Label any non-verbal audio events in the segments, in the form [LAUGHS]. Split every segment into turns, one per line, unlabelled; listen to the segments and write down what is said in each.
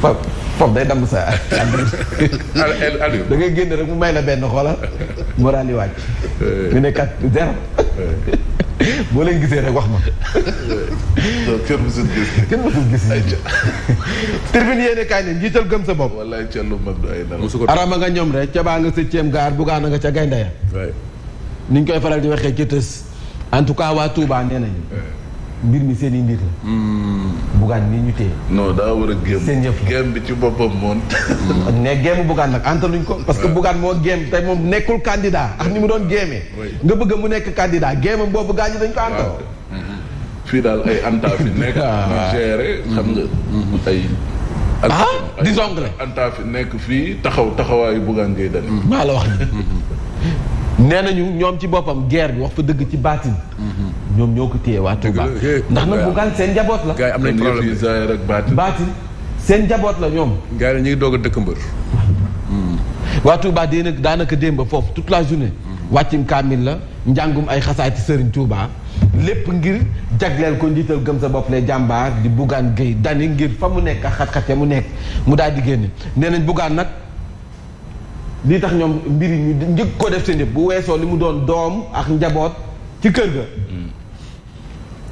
fab fab day damm sa [LAUGHS] dangay da rek mu may la benn xoolal moral yi wàcc eh. ñu ne kat eh. boo leen gisee rek wax ma eh. kenn mësul gis kenn mësul gis tribune yéene kaay ne njiital gëm sa bopp wallaay cellu mag du ay dara arama nga ñoom rek ca baa nga septième gaar bugaana nga ca gayndeya ni ñu koy faral di waxee ci tës en tout cas waa Touba nee nañu mbir mi seen i mbir la hmm. bugaan nii ñu téye. non daa war a géem seen yëpp géem bi ci boppam moom. [LAUGHS] ne géem bugaan nag antaluñ ko. parce que bugaan moo géem tey moom nekkul candidat nekk candidat géemam boobu gaañ mm-hmm. fii daal ay anta fi nekk. ñu ah, géré xam nga. Mm-hmm. ay. ah di zongle anta fi fii taxaw taxawaayu bugaan ngay dani mm-hmm. maa la wax nii. nee nañu ñoom ci boppam guerre bi wax fa dëgg ci baatin ñoom ñoo ko téye waa Touba eh, ndax nag Bougane seen njaboot la. gars am nañ problème zaahir ak baatin njaboot la ñoom. gars yi ñu ngi doog a dëkk mbër. Hmm. waa Touba dee nag daanaka démb foofu tout la journée. wàccim kaamil la njàngum ay xasaati Serigne Touba. lépp ngir jagleel ko njiital gëm sa bopp le jàmbaar di Bougane Gueye Dany ngir fa mu nekk ak xat ya mu nekk mu daal di génn nee nañ Bougane nag lii tax ñoom mbir yi ñu njëkk ko def seen yëpp bu weesoo li mu doon doom ak njaboot ci kër ga.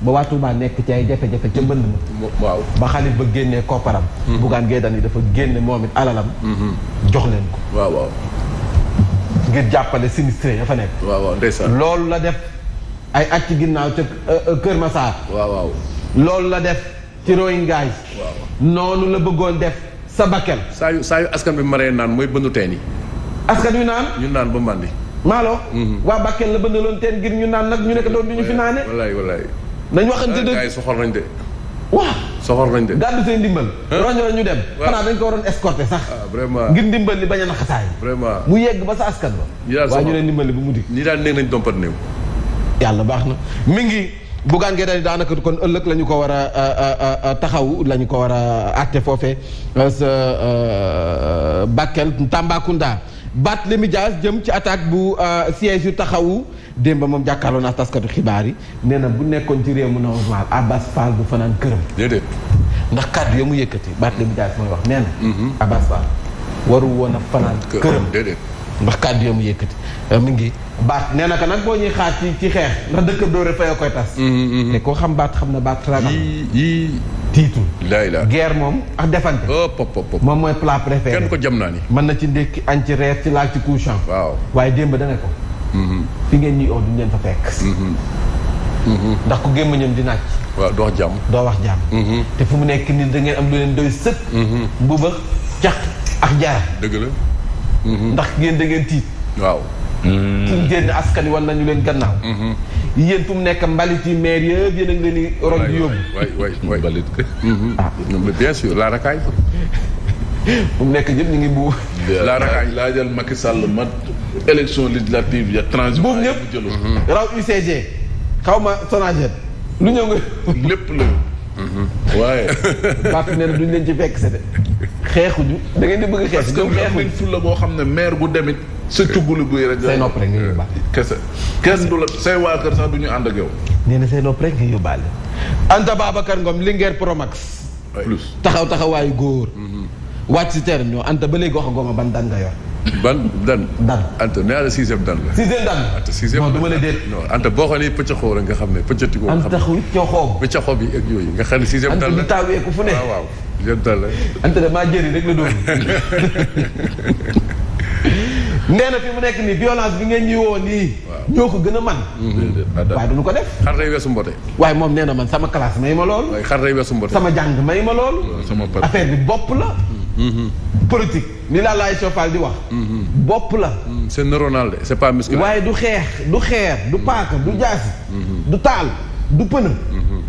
ba waa Touba nekk ci ay jafe-jafe ca mbënd ma waaw ba xalif ba génnee kopparam mhm. Bougane Gueye Dany dafa génne moom it alalam mhm. jox leen ko waaw waaw ngir jàppale sinistré ya fa nekk waaw waaw loolu la def ay at ci ginnaaw ca euh, euh, Kër Massar waaw waaw loolu la def ci Rohingya waaw noonu la bëggoon def sa Bakel saa yu saa yu askan bi maree naan mooy bëndu teen yi askan wi naan ñu naan ba mbandi maalo mhm. waa Bakel la bëndaloon teen ngir ñu naan nag ñu nekk doon du ñu fi naane wallaay nañ waxante dëgg gars yi soxor nañ de. waaw soxor nañ de. ñu dem. xanaa dañ ko waroon escorter sax. Ah, vraiment ngir ndimbal li bañ a naxataay. vraiment mu yegg ba sa askan ba. waaye ñu ne ndimbal li bu mu dikk. ñi daan néeg nañ dompat néew. yàlla baax na mi ngi. Bougane Gueye Dany daanaka kon ëllëg lañu ko war a taxaw lañu ko war a àtte foofe euh, sa euh, Bakel Tambacounda. baat Barthélémy Dias jëm ci attaque bu euh, siège yu taxawu démb moom jàkkaarloo naa taskatu xibaar yi nee na bu nekkoon ci réew mu normal Abbas Fall du fanaan këram. déedéet. ndax kàddu ya mu yëkkati Barthélémy Dias mooy wax nee na. Mhm. Abbas Fall waru woon a fanaan këram ndax kàddu yam yëkkati euh, mu ngi baat nee na ko nag boo ñuy xaar ci ci xeex ndax dëkk dóore fayoo koy tas mm, mm, mm. te koo xam baat xam na baat ragal yii tiitu laay la guerre moom ak defante oh, moom mooy plat préféré kenn ko jam naa ni mën na ci ndékki añ ci reer ci laaj ci couchant waaw waaye démb dane ko mm-hmm. fi ngeen ñuy oo duñ leen fa fekk mm-hmm. Mm-hmm. ndax ku gémma ñoom di naaj waaw doo wax doo wax jàmm te fu mu nekk nii da am lu leen doy sëkk mbuba caq ak jaar dëgg la ndax ngeen da ngeen tiit. waaw. suñ mm-hmm. génn askan wan nañu leen gannaaw. Mm-hmm. yéen fu mu nekk mbalit yi maire yëpp yéen a ngi leen di. roñ di yóbbu waay waay waay mbalit. Mm-hmm. ah bien sûr la racaille. fu mu nekk ñëpp ñu ngi bu. la racaille laa jël Macky Sall mat élection législative ya transhumance. boobu ñëpp raw UCG xaw ma Sonaged lu ñëw nga. lépp la. waaye. Pape nee na duñ leen ci fekk se de. xeexuñu. da ngeen di bëgg xeex parce que xeex nañ fulla boo xam ne maire bu demit sa tuggulu guy rek. say nopp rek nga yóbbaale. kese kenn du la say waa kër sax du ñu ànd ak yow. nee na nopp rek nga yóbbaale. Anta Babacar Ngom Linguère Promax. plus taxaw taxawaayu góor. Mm-hmm. wàcc si terre ñoo Anta ba léegi wax gooma ban dan nga yor. ban dan. dan Anta nee naa la sixième dan la. sixième dan Anta sixième non du ma la déet. non Anta boo xoolee pëccëxoo rek nga xam ne pëccëti ko. Anta xuy coxoo. pëccëxoo bi ak yooyu nga xam ne sixième dan la Anta lu taaweeku fu ne. jontal la. ante de jëri rek la doon. [LAUGHS] nee na fi mu nekk nii violence bi ngeen ñuy woo nii. ñoo ko gën a man mm-hmm. waaye duñu ko def. xar wesu weesu mbote. waaye moom nee na man sama classe may ma lool. xar weesu mbote. sama jàng may ma lool. sama affaire bi bopp la. Mm-hmm. politique ni laa laay sofal di wax. Mm-hmm. bopp la. Mm, c'est neuronal de c'est pas musculaire. waaye du xeex du xeer du paaka du jaasi. du taal du pënë.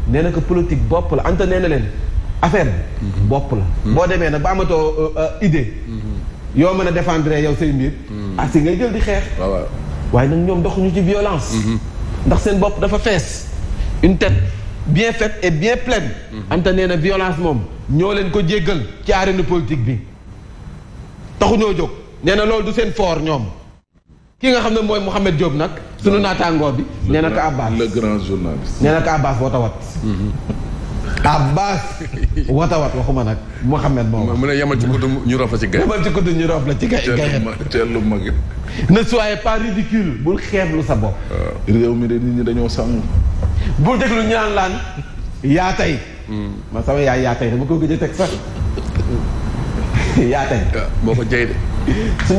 nee ko politique bopp la ante nee leen. affaire bi mhm. bopp la mhm. boo demee nag ba amatoo euh, euh, idée mhm. yoo mën a défendre yow say mbir ah si ngay jël di xeex waaye nag ñoom doxuñu ci violence ndax seen bopp dafa fees une tête bien faite et bien pleine ante nee na violence moom ñoo leen ko jéggal ci arène politique bi taxuñoo jóg nee na loolu du seen foor ñoom kii nga xam ne mooy Mouhamed Diop nag sunu naataangoo bi nee na ko Abbas le grand journaliste nee na ko Abbas boo tawat Abbas watawat waxuma nag Mouhamed moom. mu ne yemal ci kutu ñu roof la ci gay. yemal ci kutu ñu roof la ci gay. teelu mag ne soyez pas ridicule bul xeeblu sa bopp. réew mi de nit ñi dañoo sàmm. bul déglu ñu naan laan yaa tey. Hmm. ma sama yaa tey dama ko gëj a teg sax [LAUGHS] yaa tey. boo ah, ko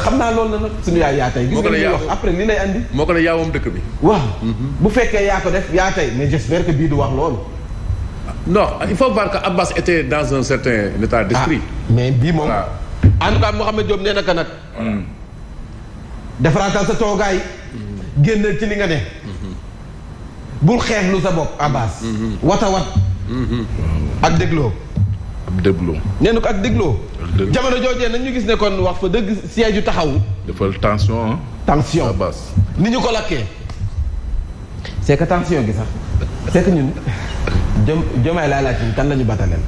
xam naa lool la nag suñu yaay yaa tey. gis nga après li lay andi. moo ko ne yaawam dëkk bi. waaw. Mm-hmm. bu fekkee yaa ko def yaa tey mais j'espère que bii du wax loolu. non il faut voir que Abbas était dans un certain état ah, d'esprit. Ah, mais bii moom. en tout cas Mouhamed Diop nee ka nag. defaraatal sa toogaay. génnal ci li nga ne. bul lu sa bopp Abbas. wata wat. ak dégloo. ak dégloo. nee ko ak dégloo. jamono joojee nañ ñu gis ne kon wax fa dëgg siège yu taxaw. defal tension ah. tension Abbas. ni ñu ko lakkee. c'est que tension gi sax c'est ñun. jom jomaay laa laaj kan la ñu bataleel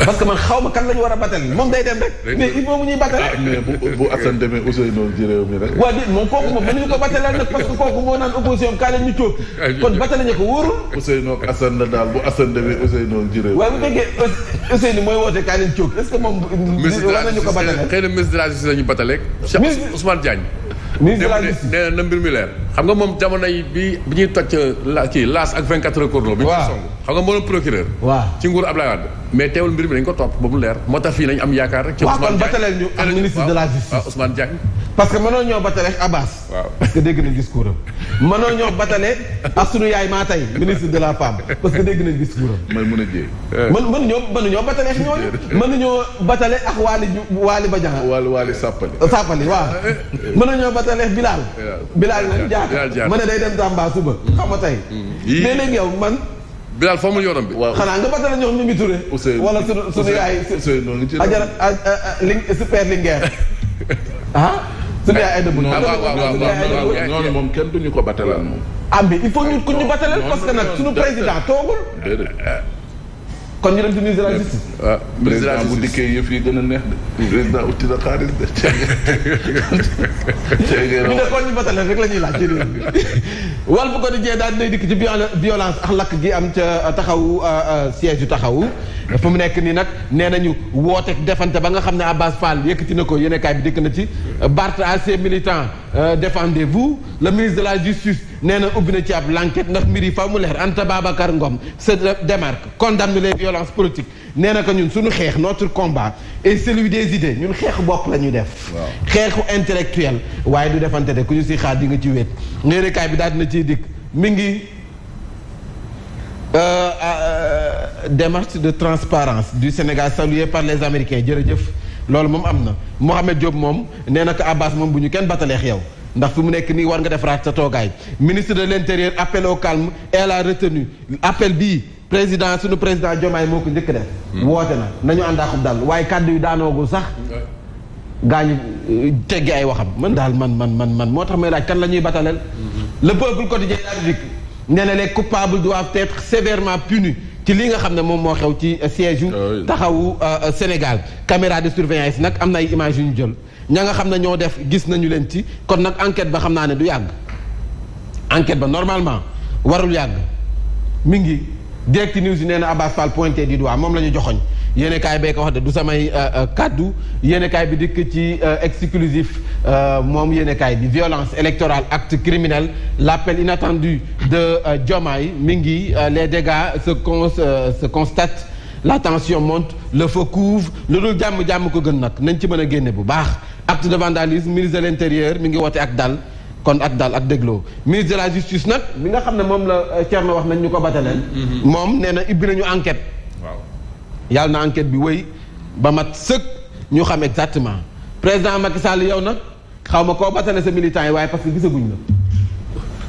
parce que man xaw ma kan la ñu war a batale moom day dem rek mais il faut mu ñuy batale ah, mais bu bu Assane demee Ousseynou ci réew mi rek waaw di moom kooku moom mënuñu ko bataleel nag parce que kooku moo naan opposition kaa leen ñu cóob [LAUGHS] kon batale ñu ko wóorul Ousseynou ak Assane la daal bu Assane demee Ousseynou ci réew waaw bu fekkee Ousseynou mooy woote kaa leen cóob est ce que moom war nañu ko batale xëy na ministre de la justice la ñu batale Cheikh Ousmane Diagne ministre de la na mbir mi leer. xam nga moom jamono yi bi bi ñuy toj la kii laas ak 24 heures chrono. bi ñu song xam nga moo doon procureur. waaw ci nguur Abdoulaye Wade. mais teewul mbir mi dañ ko topp ba mu leer moo tax fii nañ am yaakaar rek. ci Ousmane Diagne waaw kon ba taleel de la justice. waaw Ousmane Diagne. parce que mënoo ñoo batale Abbas. waaw parce que dégg nañ discours am. mënoo ñoo batale ak sunu yaay maa tey ministre de la femme parce que dégg nañ discours am. man mën a jiyee. man ñoo mënuñoo batale ak ñooñu. mënuñoo batale ak waali waali Badiane. waali waali Sappali. Sappali waaw. mënuñoo batale ak Bilal. Bilal moom jaar ma ne day dem Tamba suba. xam nga tey. Mm. yii mais léegi yow man. Bilal fa mu yoram bi. waaw xanaa nga batale ñoom ñu ngi Touré. wala sunu sunu yaay. super linguère [LAUGHS] ah. suñu yaay Aïda Mbodj. waaw noonu moom kenn duñu ko batalal moom. ah mais il faut ñu ku ñu batalal parce que nag suñu président toogul. kon ñu dem ci ministre de la justice. waaw ah, président bu dikkee yëf yi gën a neex de. président uti na xaalis de [LAUGHS] ceeb ñu ne kon ñu batale rek la ñuy laaj ci réew mi wàll bu ko di jee daal dinay dikk ci violence ak lakk gi am ca uh, taxawu uh, uh, siège yu taxawu. fu mu nekk nii nag nee nañu wooteeg defante ba nga xam ne Abbas Fall yëkkati na ko yéenekaay bi dikk na ci. Barth à ses militants défendez-vous le ministre de la justice. nee na ubbi na ci ab lanquet ndax mbir yi fa mu leer Anta Babacar Ngom se démarque condamne les violences politiques nee na que ñun suñu xeex notre combat et celui des idées ñun xeexu bopp la ñu def. xeexu intellectuel waaye du defante de ku ñu si xaar di nga ci wéet. nee kaay bi daal dina ciy dikk mi ngi euh, euh, démarche de transparence du Sénégal saluée par les Américains jërëjëf loolu moom am na Mohamed Diop moom nee na ko Abbas moom bu ñu kenn batalee yow. ndax fi mu nekk nii war nga def defaraat sa toogaay ministre de l'intérieur appel au calme et la retenue appel bii président suñu président Diomaye moo ko njëkk def hmm. woote na nañu ànd ak dal waaye kàddu yu daanoogul sax gaañu euh, teggi ay waxam man daal man man man man moo tax may laaj kan la ñuy bataleel hmm. le peuple quotidien la République nee na les coupables doivent être sévèrement punis ci li nga xam ne moom moo xew ci euh, siège yu ah taxawu euh, Sénégal caméra de surveillance nag am na ay images yu ñu jël ña nga xam ne ñoo def gis nañu leen ci kon nag enquête ba xam naa ne du yàgg enquête ba normalement warul yàgg mi ngi direct news yi nee na Abbas Fall pointé du doigt moom la ñu joxoñ yéen kaay wax de du samay euh, kàddu yéen bi dikk ci exclusif moom yéen bi violence électorale acte criminel l'appel inattendu de euh, Diomaye mi ngi euh, les dégâts sa con se constatent la tension monte le feu couvre lu dul jàmm-jàmm ko gën nag nañ ci mën a génne bu baax acte de vandalisme ministre de l'intérieur mi ngi woote ak dal kon ak daal ak dégloo ministre de la justice nag bi nga xam ne moom la euh, Thierno wax nañ ñu ko bataleen mm-hmm. moom nee na ibbi nañu enquête waaw yàlla na enquête bi wéy ba mat sëkk ñu xam exactement président Macky Sall yow nag xaw ma koo batale sa militant yi waaye parce que gisaguñ la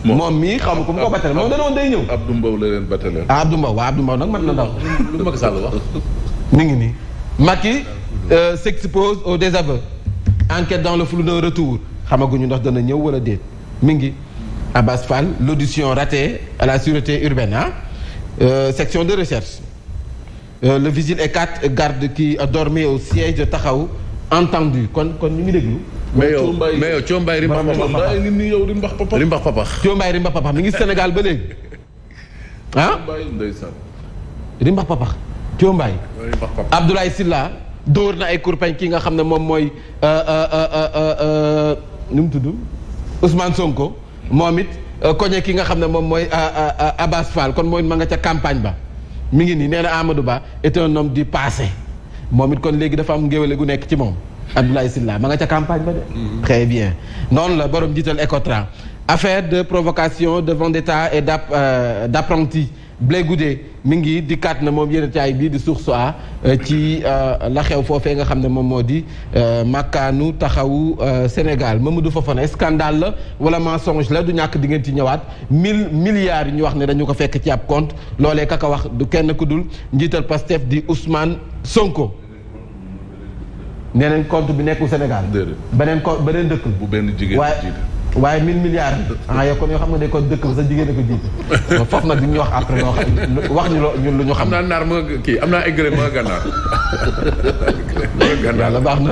moom mii xam ku mu ko batale moom da doon day ñëw. Abdou Mbow la leen batale. ah Abdou Mbow waaw Abdou Mbow nag mën na ndaw. lu Macky Sall wax. mi ngi nii. Macky euh, s'expose au désaveu. enquête dans le flou d'un retour. xamaguñu ndax dana ñëw wala déet mi ngi. Abbas Fall l'audition ratée à la sûreté urbaine ah. section de recherche. Euh, le vigile et quatre gardes qui dormaient au siège de Taxawu entendu kon kon ñu ngi déglu. mais yow mais yow Coombaay rimbax papax ni yow rimbax papax rimbax papax Coombaay rimbax papax mi ngi Sénégal ba léegi ah rimbax papax Coombaay Abdoulaye Sylla dóor na ay kurpañ ki nga xam ne moom mooy euh, euh, euh, nu mu tudd Ousmane Sonko moom it ki nga xam ne moom mooy Abbas Fall kon mooy ma nga ca campagne ba mu ngi nii nee na Amadou Ba est un homme du moom it kon léegi dafa am ngéwéle gu nekk ci moom Abdoulaye Sylla ma nga ca campagne ba de. Mhm. très bien noonu la borom jiital Ecotra affaire de provocation de vendetta et d' euh, d'apprenti Blé Goudé mi ngi di dikkaat na moom yeneen caay bii di Source A euh, ci euh, la xew foofee nga xam ne moom moo di makkaanu taxawu Sénégal Mamadou Fofana scandale la wala mensonge la du ñàkk di ñëwaat mille milliards yu ñu wax ne dañu ko fekk ci ab compte loolee kaka wax du kenn ku dul njiital Pastef di Ousmane Sonko. nee nañ compte bi nekkul Sénégal. beneen compte beneen dëkk. bu benn jigéen waaye mille milliards ah yow kon yoo xam nga ne ko dëkk ba sa jigéen ko jiite [LAUGHS] foofu nag di ñu wax après loo xam wax ñu loo ñun lu ñu xam. am naa naar ma kii am naa aigre ma gànnaar. [LAUGHS] yàlla baax na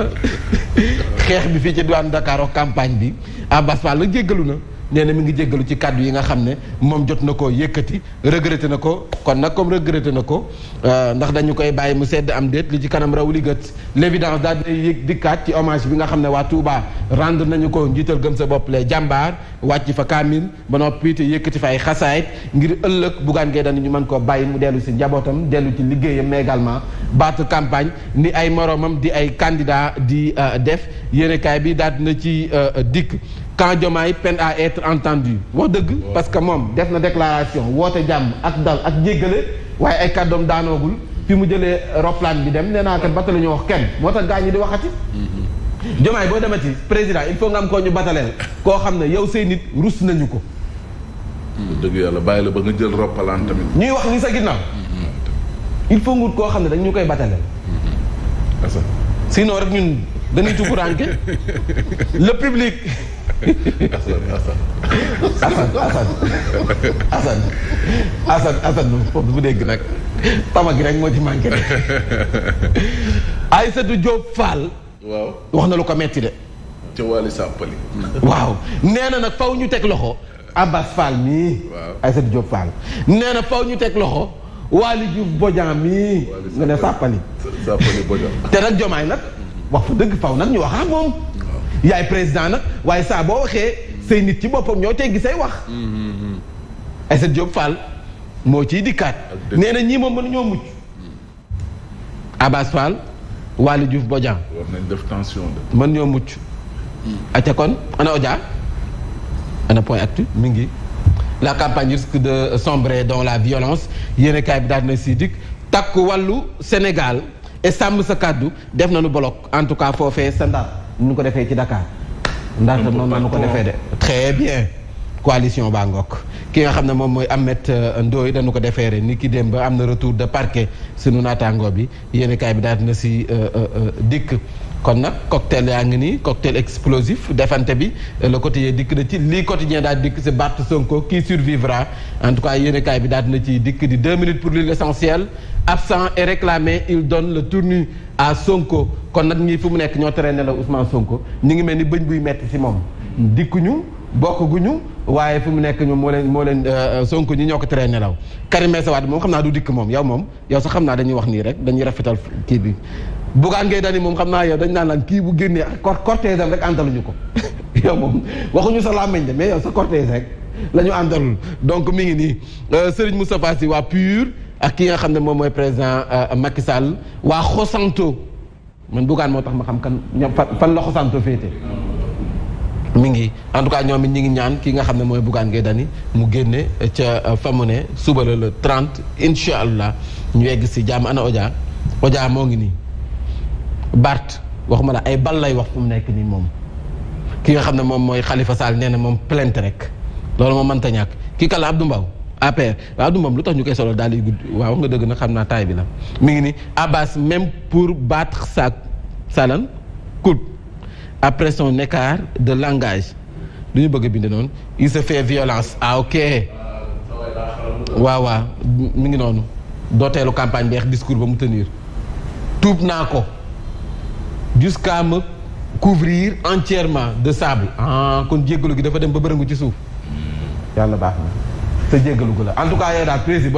[LAUGHS] xeex bi fii ci diwaanu Dakar campagne bi Abass Fall la jéggalu na. nee na mi ngi jéggalu ci kàddu yi nga xam ne moom jot na ko yëkkati regretté na ko kon nag comme regretté na ko euh, ndax dañu koy bàyyi mu sedd am déet li ci kanam raw li gët l'évidence daal di yëg dikkaat ci hommage bi nga xam ne waa Touba rendre nañu ko njiital gëm sa bopp lee jàmbaar wàcc fa kaamil ba noppi te yëkkati fa ay xasaayit ngir ëllëg bugaan ngay dañu ñu mën koo bàyyi mu dellu si njabootam dellu ci liggéeyam mais également baatu campagne ni ay moroomam di ay candidat di euh, def yéenekaay bi daal dina ci euh, dikk quand Diomaye peine à être entendu wax dëgg parce que moom def na déclaration woote jàmm ak dal ak jéggale waaye ay kàddoom daanoogul fi mu jëlee roplaan bi dem nee naa kat batale ñu wax kenn moo tax gaa ñi di waxati mhm. Diomaye boo demati président il faut nga koo ñu bataleel koo xam ne yow say nit rus nañu ko mm, dëgg la ba nga jël roppalaan tamit ñuy wax ni sa ginnaaw mm-hmm. il faut ngut koo xam ne dañ ñu koy bataleel mm-hmm. sinon rek ñun dañuy tuguraanke [LAUGHS] le public Assane Assane Assane Assane Assane mu dégg nag tama gi rek moo ci manqué rek Aïssatou Diop Fall. waaw wax na lu ko metti de. ca waaw nee na nag faw ñu teg loxo Abbas Fall mii. waaw Aïssatou Diop Fall nee na faw ñu teg loxo Waly Diouf Bodian mii. nga ne Sampali. Sampali te nag jomaay nag wax fa dëgg faw nag ñu wax moom. yaay président nag waaye saa boo waxee say nit ci boppam ñoo tey gisay wax. Aïssatou Diop Fall moo ciy dikkaat. nee na ñii moom mën ñoo mucc. Abass Fall Waly Diouf Bodian. mën ñoo mucc. acca kon ana Odia ana point actu mi ngi. la campagne risque de sombrer dans la violence yéen a kaay bi daal na dikk takk wàllu Sénégal et sàmm sa kàddu def na nu bloc en tout cas foofee sa ndar nu ko defee ci Dakar. ndaxte noonu na nu ko defee de. très bien. coalition baa ngokk ki nga xam ne moom mooy Ahmed euh, Ndoye dañu ko defeere ni ki dem ba am na retour de parquet sunu naataango bi yéen kaay bi daal dina si euh, euh, dikk. kon nag cocktail yaa ngi nii cocktail explosif defante bi euh, le quotidien dikk na ci lii quotidien daal dikk si Bart Sonko qui survivra en tout cas yéenekaay bi daal dina ci dikk di deux minutes pour l'essentiel absent et réclamé il donne le tournis à Sonko kon nag ñii fi mu nekk ñoo traîné la Ousmane Sonko ñu ngi mel ni bëñ buy metti si moom dikku ñu bokk ñu waaye fi mu nekk ñoom moo leen moo leen euh, euh, Sonko ñi ñoo ko teree nelaw Karim Meïssa Wade moom xam naa du dikk moom yow moom yow xam naa dañuy wax nii rek dañuy rafetal kii bi Bougane Gueye Dany moom xam naa yow dañ naan laan kii bu génnee cortège am rek àndaluñu ko [LAUGHS] yow moom waxuñu sa làmmiñ de mais yow sa cortège rek lañu ñu àndalul donc mi ngi nii euh, Serigne Moustapha Sy waa PUR ak ki nga xam ne moom mooy président euh, Macky Sall waa Xosanto man Bougane moo tax ma xam kan ñoom fan la Xosanto féete mi ngi en tout cas ñoom it ñi ngi ñaan ki nga xam ne mooy Bougane Gueye Dany mu génne euh, ca fa ne suba la trente 30 incha allah ñu yegg si jàmm ana Odia Odia moo ngi nii. Bart waxuma la ay bal lay wax fu mu nekk nii moom ki nga xam ne moom mooy xalifa Sall nee na moom plainte rek loolu moom mënta ñàkk kii kala Abdou Mbow APR waaw Abdou Mbow lu tax ñu koy solo daal di gudd waaw nga dëgg na xam naa taay bi la mi ngi ni Abbas même pour battre sa salan coupe après de langage du ñu bëgg a bind noonu il se fait ah, ngi noonu dooteelu campagne bi ex discours ba mu tenir tuub naa ko jusqu'à me couvrir entièrement de sable ah kon jéggalu gi dafa dem ba bërëngu ci suuf yàlla baax na te jéggalu gi la en tout cas yow daal